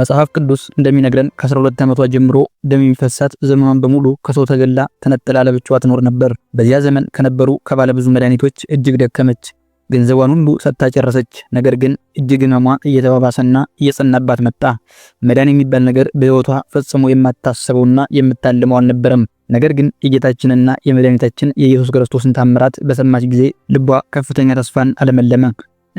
መጽሐፍ ቅዱስ እንደሚነግረን ከ12 ዓመቷ ጀምሮ ደም የሚፈሳት ዘመኗን በሙሉ ከሰው ተገላ ተነጥላ ለብቻዋ ትኖር ነበር። በዚያ ዘመን ከነበሩ ከባለብዙ መድኃኒቶች እጅግ ደከመች። ገንዘቧን ሁሉ ሰጥታ ጨረሰች። ነገር ግን እጅግ ህመሟ እየተባባሰና እየጸናባት መጣ። መዳን የሚባል ነገር በህይወቷ ፈጽሞ የማታሰበውና የምታልመው አልነበረም። ነገር ግን የጌታችንና የመድኃኒታችን የኢየሱስ ክርስቶስን ታምራት በሰማች ጊዜ ልቧ ከፍተኛ ተስፋን አለመለመ።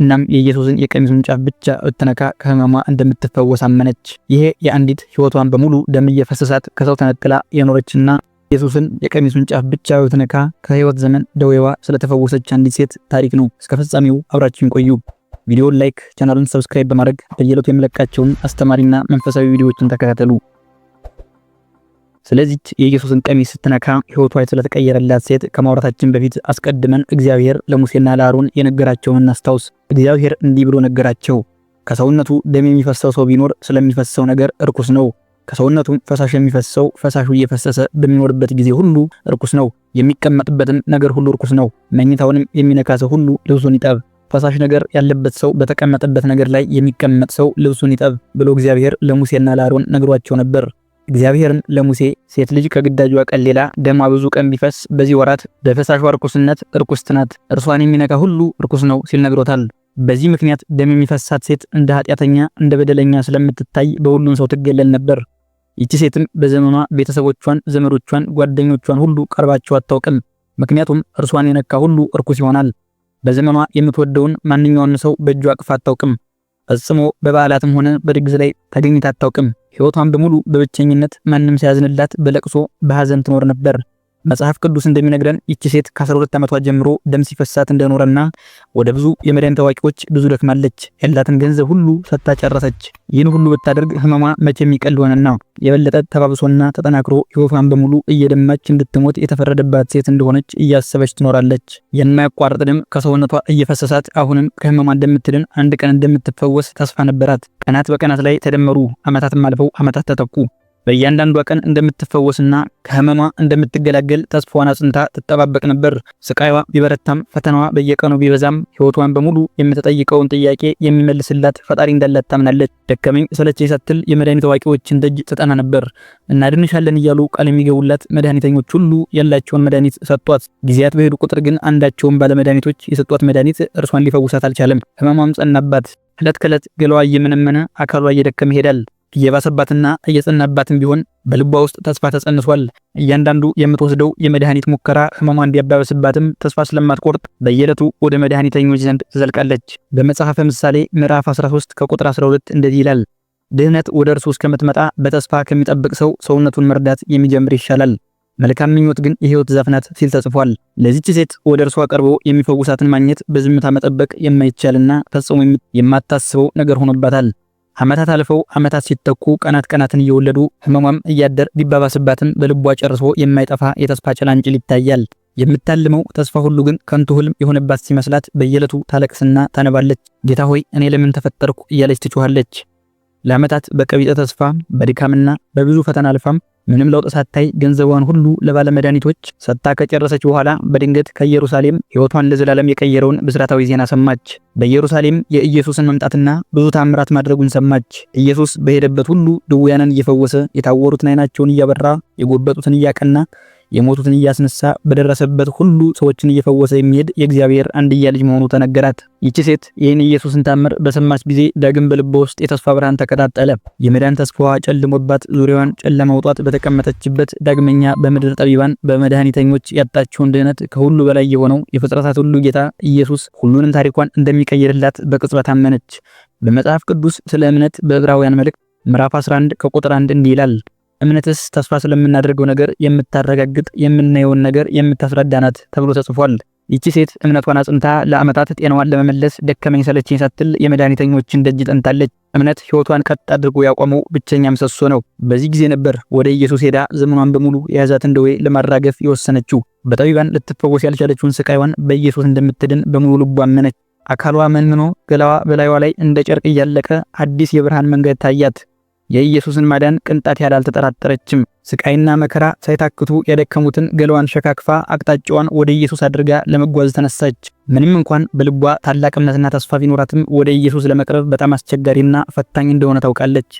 እናም የኢየሱስን የቀሚሱን ጫፍ ብቻ ብትነካ ከህመሟ እንደምትፈወስ አመነች። ይሄ የአንዲት ህይወቷን በሙሉ ደም እየፈሰሳት ከሰው ተነጥላ የኖረችና ኢየሱስን የቀሚሱን ጫፍ ብቻ ብትነካ ከህይወት ዘመን ደዌዋ ስለተፈወሰች አንዲት ሴት ታሪክ ነው። እስከ ፍጻሜው አብራችን ቆዩ። ቪዲዮን ላይክ፣ ቻናሉን ሰብስክራይብ በማድረግ በየለቱ የምለቃቸውን አስተማሪና መንፈሳዊ ቪዲዮዎችን ተከታተሉ። ስለዚህ የኢየሱስን ቀሚስ ስትነካ ህይወቷ ስለተቀየረላት ሴት ከማውራታችን በፊት አስቀድመን እግዚአብሔር ለሙሴና ለአሮን የነገራቸውን እናስታውስ። እግዚአብሔር እንዲህ ብሎ ነገራቸው። ከሰውነቱ ደም የሚፈሰው ሰው ቢኖር ስለሚፈሰው ነገር እርኩስ ነው። ከሰውነቱ ፈሳሽ የሚፈሰው ፈሳሹ እየፈሰሰ በሚኖርበት ጊዜ ሁሉ እርኩስ ነው። የሚቀመጥበትም ነገር ሁሉ እርኩስ ነው። መኝታውንም የሚነካ ሰው ሁሉ ልብሱን ይጠብ። ፈሳሽ ነገር ያለበት ሰው በተቀመጠበት ነገር ላይ የሚቀመጥ ሰው ልብሱን ይጠብ ብሎ እግዚአብሔር ለሙሴና ለአሮን ነግሯቸው ነበር። እግዚአብሔርን ለሙሴ ሴት ልጅ ከግዳጇ ቀን ሌላ ደማ ብዙ ቀን ቢፈስ በዚህ ወራት በፈሳሿ ርኩስነት እርኩስት ናት፣ እርሷን የሚነካ ሁሉ እርኩስ ነው ሲል ነግሮታል። በዚህ ምክንያት ደም የሚፈሳት ሴት እንደ ኃጢአተኛ እንደ በደለኛ ስለምትታይ በሁሉም ሰው ትገለል ነበር። ይቺ ሴትም በዘመኗ ቤተሰቦቿን፣ ዘመዶቿን፣ ጓደኞቿን ሁሉ ቀርባቸው አታውቅም። ምክንያቱም እርሷን የነካ ሁሉ እርኩስ ይሆናል። በዘመኗ የምትወደውን ማንኛውን ሰው በእጇ አቅፋ አታውቅም። ፈጽሞ በበዓላትም ሆነ በድግስ ላይ ተገኝታ አታውቅም። ህይወቷን በሙሉ በብቸኝነት ማንም ሲያዝንላት በለቅሶ በሐዘን ትኖር ነበር። መጽሐፍ ቅዱስ እንደሚነግረን ይቺ ሴት ከ12 ዓመቷ ጀምሮ ደም ሲፈሳት እንደኖረና ወደ ብዙ የመድኃኒት አዋቂዎች ብዙ ደክማለች። ያላትን ገንዘብ ሁሉ ሰጥታ ጨረሰች። ይህን ሁሉ ብታደርግ ህመሟ መቼ የሚቀል ሆነና የበለጠ ተባብሶና ተጠናክሮ ህይወቷን በሙሉ እየደማች እንድትሞት የተፈረደባት ሴት እንደሆነች እያሰበች ትኖራለች። የማያቋርጥ ደም ከሰውነቷ እየፈሰሳት አሁንም ከህመሟ እንደምትድን አንድ ቀን እንደምትፈወስ ተስፋ ነበራት። ቀናት በቀናት ላይ ተደመሩ። ዓመታትም አልፈው ዓመታት ተተኩ። በእያንዳንዷ ቀን እንደምትፈወስና ከህመሟ እንደምትገላገል ተስፋዋን አጽንታ ትጠባበቅ ነበር። ስቃይዋ ቢበረታም፣ ፈተናዋ በየቀኑ ቢበዛም ህይወቷን በሙሉ የምትጠይቀውን ጥያቄ የሚመልስላት ፈጣሪ እንዳላት ታምናለች። ደከመኝ ሰለቸኝ ሳትል የመድኃኒት አዋቂዎችን ደጅ ትጠና ነበር። እናድንሻለን እያሉ ቃል የሚገቡላት መድኃኒተኞች ሁሉ ያላቸውን መድኃኒት ሰጥቷት፣ ጊዜያት በሄዱ ቁጥር ግን አንዳቸውን ባለመድኃኒቶች የሰጧት መድኃኒት እርሷን ሊፈውሳት አልቻለም። ህመሟም ጸናባት። ዕለት ከዕለት ገለዋ እየመነመነ አካሏ እየደከመ ይሄዳል። እየባሰባትና እየጸናባትም ቢሆን በልቧ ውስጥ ተስፋ ተጸንሷል። እያንዳንዱ የምትወስደው የመድኃኒት ሙከራ ህመሟ እንዲያባበስባትም ተስፋ ስለማትቆርጥ በየዕለቱ ወደ መድኃኒተኞች ዘንድ ትዘልቃለች። በመጽሐፈ ምሳሌ ምዕራፍ 13 ከቁጥር 12 እንደዚህ ይላል፣ ድህነት ወደ እርሱ እስከምትመጣ በተስፋ ከሚጠብቅ ሰው ሰውነቱን መርዳት የሚጀምር ይሻላል፣ መልካም ምኞት ግን የህይወት ዛፍ ናት ሲል ተጽፏል። ለዚች ሴት ወደ እርሷ ቀርቦ የሚፈውሳትን ማግኘት በዝምታ መጠበቅ የማይቻልና ፈጽሞ የማታስበው ነገር ሆኖባታል። ዓመታት አልፈው ዓመታት ሲተኩ ቀናት ቀናትን እየወለዱ ህመሟም እያደር ቢባባስባትም በልቧ ጨርሶ የማይጠፋ የተስፋ ጭላንጭል ይታያል። የምታልመው ተስፋ ሁሉ ግን ከንቱ ህልም የሆነባት ሲመስላት በየዕለቱ ታለቅስና ታነባለች። ጌታ ሆይ እኔ ለምን ተፈጠርኩ እያለች ትጮኻለች። ለዓመታት በቀቢጠ ተስፋ በድካምና በብዙ ፈተና አልፋም ምንም ለውጥ ሳታይ ገንዘቧን ሁሉ ለባለመድኃኒቶች ሰጥታ ከጨረሰች በኋላ በድንገት ከኢየሩሳሌም ሕይወቷን ለዘላለም የቀየረውን ብስራታዊ ዜና ሰማች። በኢየሩሳሌም የኢየሱስን መምጣትና ብዙ ታምራት ማድረጉን ሰማች። ኢየሱስ በሄደበት ሁሉ ድውያንን እየፈወሰ የታወሩትን ዓይናቸውን እያበራ የጎበጡትን እያቀና የሞቱትን እያስነሳ በደረሰበት ሁሉ ሰዎችን እየፈወሰ የሚሄድ የእግዚአብሔር አንድያ ልጅ መሆኑ ተነገራት። ይቺ ሴት ይህን ኢየሱስን ታምር በሰማች ጊዜ ዳግም በልቧ ውስጥ የተስፋ ብርሃን ተቀጣጠለ። የመዳን ተስፋዋ ጨልሞባት ዙሪያዋን ጨለማ ውጧት በተቀመጠችበት ዳግመኛ በምድር ጠቢባን በመድኃኒተኞች ያጣችውን ድህነት ከሁሉ በላይ የሆነው የፍጥረታት ሁሉ ጌታ ኢየሱስ ሁሉንም ታሪኳን እንደሚቀይርላት በቅጽበት አመነች። በመጽሐፍ ቅዱስ ስለ እምነት በዕብራውያን መልእክት ምዕራፍ 11 ከቁጥር 1 እንዲህ ይላል እምነትስ ተስፋ ስለምናደርገው ነገር የምታረጋግጥ የምናየውን ነገር የምታስረዳ ናት ተብሎ ተጽፏል። ይቺ ሴት እምነቷን አጽንታ ለዓመታት ጤናዋን ለመመለስ ደከመኝ ሰለችኝ ሳትል የመድኃኒተኞችን ደጅ ጠንታለች። እምነት ሕይወቷን ቀጥ አድርጎ ያቆመው ብቸኛ ምሰሶ ነው። በዚህ ጊዜ ነበር ወደ ኢየሱስ ሄዳ ዘመኗን በሙሉ የያዛትን ደዌ ለማራገፍ የወሰነችው። በጠቢባን ልትፈወስ ያልቻለችውን ስቃይዋን በኢየሱስ እንደምትድን በሙሉ ልቧ አመነች። አካሏ መንምኖ ገላዋ በላይዋ ላይ እንደ ጨርቅ እያለቀ አዲስ የብርሃን መንገድ ታያት። የኢየሱስን ማዳን ቅንጣት ያህል አልተጠራጠረችም። ስቃይና መከራ ሳይታክቱ ያደከሙትን ገለዋን ሸካክፋ አቅጣጫዋን ወደ ኢየሱስ አድርጋ ለመጓዝ ተነሳች። ምንም እንኳን በልቧ ታላቅ እምነትና ተስፋ ቢኖራትም ወደ ኢየሱስ ለመቅረብ በጣም አስቸጋሪና ፈታኝ እንደሆነ ታውቃለች።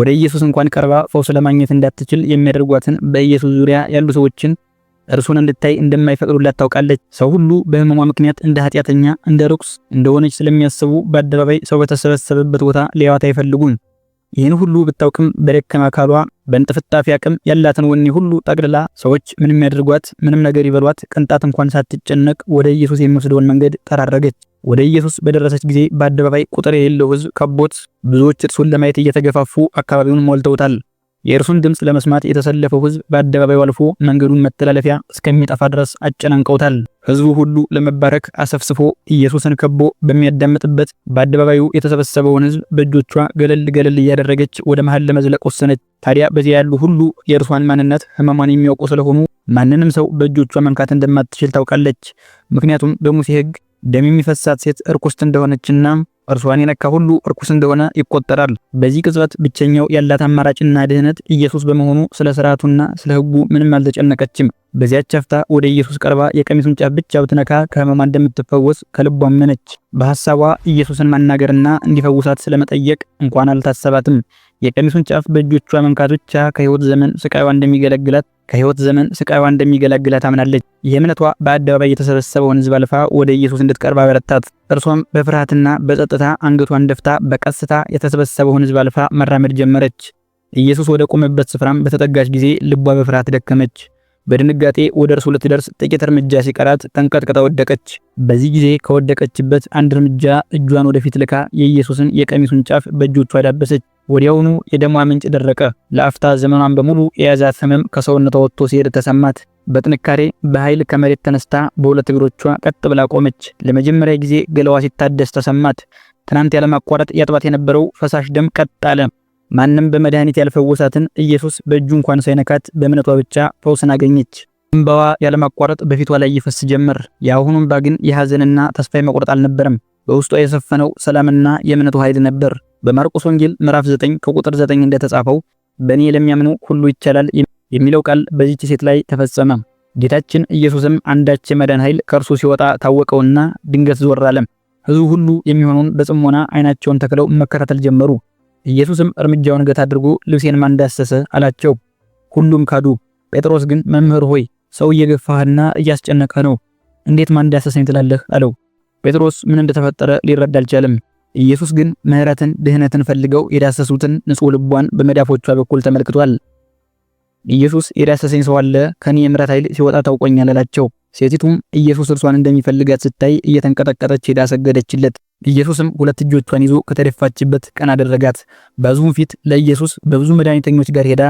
ወደ ኢየሱስ እንኳን ቀርባ ፈውስ ለማግኘት እንዳትችል የሚያደርጓትን በኢየሱስ ዙሪያ ያሉ ሰዎችን እርሱን እንድታይ እንደማይፈቅዱላት ታውቃለች። ሰው ሁሉ በህመሟ ምክንያት እንደ ኃጢአተኛ፣ እንደ ርኩስ እንደሆነች ስለሚያስቡ በአደባባይ ሰው በተሰበሰበበት ቦታ ሊያዋት አይፈልጉም። ይህን ሁሉ ብታውቅም በደከማ አካሏ በእንጥፍጣፊ አቅም ያላትን ወኔ ሁሉ ጠቅልላ ሰዎች ምንም ያደርጓት ምንም ነገር ይበሏት ቅንጣት እንኳን ሳትጨነቅ ወደ ኢየሱስ የሚወስደውን መንገድ ጠራረገች። ወደ ኢየሱስ በደረሰች ጊዜ በአደባባይ ቁጥር የሌለው ሕዝብ ከቦት ብዙዎች እርሱን ለማየት እየተገፋፉ አካባቢውን ሞልተውታል። የእርሱን ድምፅ ለመስማት የተሰለፈው ሕዝብ በአደባባዩ አልፎ መንገዱን መተላለፊያ እስከሚጠፋ ድረስ አጨናንቀውታል። ህዝቡ ሁሉ ለመባረክ አሰፍስፎ ኢየሱስን ከቦ በሚያዳምጥበት በአደባባዩ የተሰበሰበውን ሕዝብ በእጆቿ ገለል ገለል እያደረገች ወደ መሀል ለመዝለቅ ወሰነች። ታዲያ በዚያ ያሉ ሁሉ የእርሷን ማንነት ሕመሟን የሚያውቁ ስለሆኑ ማንንም ሰው በእጆቿ መንካት እንደማትችል ታውቃለች። ምክንያቱም በሙሴ ህግ ደም የሚፈሳት ሴት እርኩስት እንደሆነችና እርሷን የነካ ሁሉ እርኩስ እንደሆነ ይቆጠራል። በዚህ ቅጽበት ብቸኛው ያላት አማራጭና ድህነት ኢየሱስ በመሆኑ ስለ ስርዓቱና ስለ ሕጉ ምንም አልተጨነቀችም። በዚያች አፍታ ወደ ኢየሱስ ቀርባ የቀሚሱን ጫፍ ብቻ ብትነካ ከህመሟ እንደምትፈወስ ከልቧ አመነች። በሐሳቧ ኢየሱስን ማናገርና እንዲፈውሳት ስለመጠየቅ እንኳን አልታሰባትም። የቀሚሱን ጫፍ በእጆቿ መንካት ብቻ ከሕይወት ዘመን ስቃይዋ እንደሚገለግላት ከሕይወት ዘመን ስቃይዋ እንደሚገላግላ ታምናለች። የእምነቷ በአደባባይ የተሰበሰበውን ሕዝብ አልፋ ወደ ኢየሱስ እንድትቀርብ አበረታት። እርሷም በፍርሃትና በጸጥታ አንገቷን ደፍታ በቀስታ የተሰበሰበውን ሕዝብ አልፋ መራመድ ጀመረች። ኢየሱስ ወደ ቆመበት ስፍራም በተጠጋች ጊዜ ልቧ በፍርሃት ደከመች። በድንጋጤ ወደ እርሱ ልትደርስ ጥቂት እርምጃ ሲቀራት ተንቀጥቅጣ ወደቀች። በዚህ ጊዜ ከወደቀችበት አንድ እርምጃ እጇን ወደፊት ልካ የኢየሱስን የቀሚሱን ጫፍ በእጆቿ ዳበሰች። ወዲያውኑ የደሟ ምንጭ ደረቀ። ለአፍታ ዘመኗን በሙሉ የያዛት ህመም ከሰውነቷ ወጥቶ ሲሄድ ተሰማት። በጥንካሬ በኃይል ከመሬት ተነስታ በሁለት እግሮቿ ቀጥ ብላ ቆመች። ለመጀመሪያ ጊዜ ገለዋ ሲታደስ ተሰማት። ትናንት ያለማቋረጥ ያጥባት የነበረው ፈሳሽ ደም ቀጥ አለ። ማንም በመድኃኒት ያልፈወሳትን ኢየሱስ በእጁ እንኳን ሳይነካት በእምነቷ ብቻ ፈውስን አገኘች። እንባዋ ያለማቋረጥ በፊቷ ላይ ይፈስ ጀመር። የአሁኑ እንባ ግን የሐዘንና ተስፋ መቁረጥ አልነበረም። በውስጧ የሰፈነው ሰላምና የእምነቱ ኃይል ነበር። በማርቆስ ወንጌል ምዕራፍ 9 ከቁጥር 9 እንደተጻፈው በእኔ ለሚያምኑ ሁሉ ይቻላል የሚለው ቃል በዚህች ሴት ላይ ተፈጸመ። ጌታችን ኢየሱስም አንዳች የመዳን ኃይል ከእርሱ ሲወጣ ታወቀውና ድንገት ዞር አለም። ሕዝቡ ሁሉ የሚሆነውን በጽሞና ዓይናቸውን ተክለው መከታተል ጀመሩ። ኢየሱስም እርምጃውን ገት አድርጎ ልብሴን ማን ዳሰሰ አላቸው። ሁሉም ካዱ። ጴጥሮስ ግን መምህር ሆይ ሰው እየገፋህና እያስጨነቀህ ነው፣ እንዴት ማን ዳሰሰኝ ትላለህ? አለው። ጴጥሮስ ምን እንደተፈጠረ ሊረዳ አልቻለም። ኢየሱስ ግን ምሕረትን፣ ድህነትን ፈልገው የዳሰሱትን ንጹሕ ልቧን በመዳፎቿ በኩል ተመልክቷል። ኢየሱስ የዳሰሰኝ ሰው አለ ከኔ የምሕረት ኃይል ሲወጣ ታውቆኛል አላቸው። ሴቲቱም ኢየሱስ እርሷን እንደሚፈልጋት ስታይ እየተንቀጠቀጠች ሄዳ ሰገደችለት። ኢየሱስም ሁለት እጆቿን ይዞ ከተደፋችበት ቀና አደረጋት። በሕዝቡም ፊት ለኢየሱስ በብዙ መድኃኒተኞች ጋር ሄዳ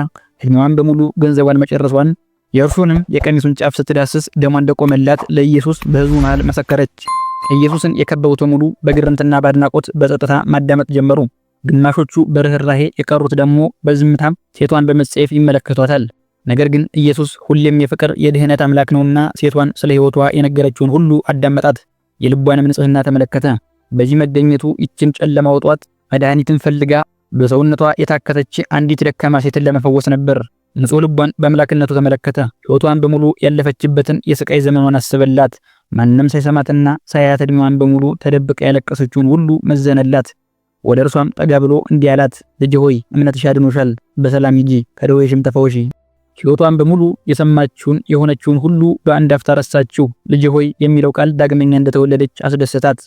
ዕድሜዋን በሙሉ ገንዘቧን መጨረሷን የእርሱንም የቀሚሱን ጫፍ ስትዳስስ ደሟ እንደቆመላት ለኢየሱስ በሕዝቡ መሃል መሰከረች። ኢየሱስን የከበቡት በሙሉ በግርምትና በአድናቆት በጸጥታ ማዳመጥ ጀመሩ። ግማሾቹ በርኅራሄ፣ የቀሩት ደግሞ በዝምታም ሴቷን በመጸየፍ ይመለከቷታል። ነገር ግን ኢየሱስ ሁሌም የፍቅር የድህነት አምላክ ነውና ሴቷን ስለ ሕይወቷ የነገረችውን ሁሉ አዳመጣት፣ የልቧንም ንጽሕና ተመለከተ። በዚህ መገኘቱ ይችን ጨለማ መድኃኒትን ፈልጋ በሰውነቷ የታከተች አንዲት ደካማ ሴትን ለመፈወስ ነበር። ንጹሕ ልቧን በአምላክነቱ ተመለከተ። ሕይወቷን በሙሉ ያለፈችበትን የስቃይ ዘመኗን አስበላት። ማንም ሳይሰማትና ሳያት ዕድሜዋን በሙሉ ተደብቃ ያለቀሰችውን ሁሉ መዘነላት። ወደ እርሷም ጠጋ ብሎ እንዲህ አላት፣ ልጅ ሆይ እምነትሽ አድኖሻል፣ በሰላም ሂጂ፣ ከደዌሽም ተፈወሺ። ሕይወቷን በሙሉ የሰማችውን የሆነችውን ሁሉ በአንድ አፍታ ረሳችው። ልጅ ሆይ የሚለው ቃል ዳግመኛ እንደተወለደች አስደሰታት።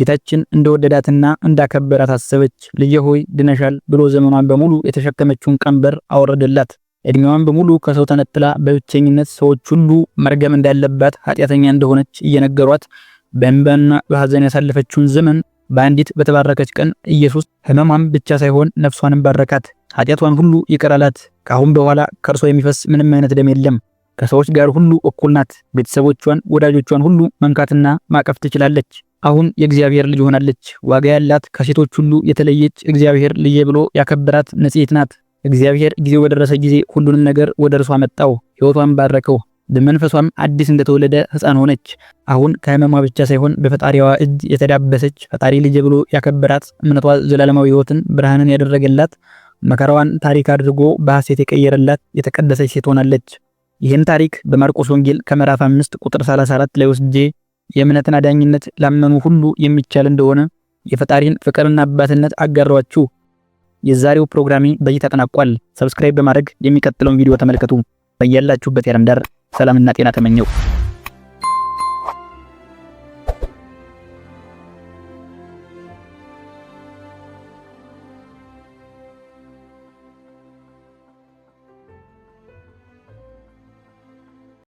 ጌታችን እንደወደዳትና እንዳከበራት አሰበች። ልጅ ሆይ ድነሻል ብሎ ዘመኗን በሙሉ የተሸከመችውን ቀንበር አወረደላት። እድሜዋን በሙሉ ከሰው ተነጥላ በብቸኝነት ሰዎች ሁሉ መርገም እንዳለባት ኃጢአተኛ እንደሆነች እየነገሯት በእንባና በሐዘን ያሳለፈችውን ዘመን በአንዲት በተባረከች ቀን ኢየሱስ ሕመሟን ብቻ ሳይሆን ነፍሷንም ባረካት። ኃጢአቷን ሁሉ ይቀራላት ከአሁን በኋላ ከእርሷ የሚፈስ ምንም አይነት ደም የለም። ከሰዎች ጋር ሁሉ እኩል ናት። ቤተሰቦቿን፣ ወዳጆቿን ሁሉ መንካትና ማቀፍ ትችላለች። አሁን የእግዚአብሔር ልጅ ሆናለች። ዋጋ ያላት፣ ከሴቶች ሁሉ የተለየች፣ እግዚአብሔር ልጄ ብሎ ያከበራት ንጽሕት ናት። እግዚአብሔር ጊዜው በደረሰ ጊዜ ሁሉንም ነገር ወደ እርሷ መጣው፣ ሕይወቷን ባረከው። በመንፈሷም አዲስ እንደተወለደ ሕፃን ሆነች። አሁን ከህመሟ ብቻ ሳይሆን በፈጣሪዋ እጅ የተዳበሰች ፈጣሪ ልጅ ብሎ ያከበራት እምነቷ ዘላለማዊ ሕይወትን ብርሃንን ያደረገላት መከራዋን ታሪክ አድርጎ በሐሴት የቀየረላት የተቀደሰች ሴት ሆናለች። ይህን ታሪክ በማርቆስ ወንጌል ከምዕራፍ 5 ቁጥር 34 ላይ ወስጄ የእምነትን አዳኝነት ላመኑ ሁሉ የሚቻል እንደሆነ የፈጣሪን ፍቅርና አባትነት አጋሯችሁ። የዛሬው ፕሮግራሚ በዚህ ተጠናቋል። ሰብስክራይብ በማድረግ የሚቀጥለውን ቪዲዮ ተመልከቱ። በያላችሁበት የዓለም ዳር ሰላምና ጤና ተመኘው።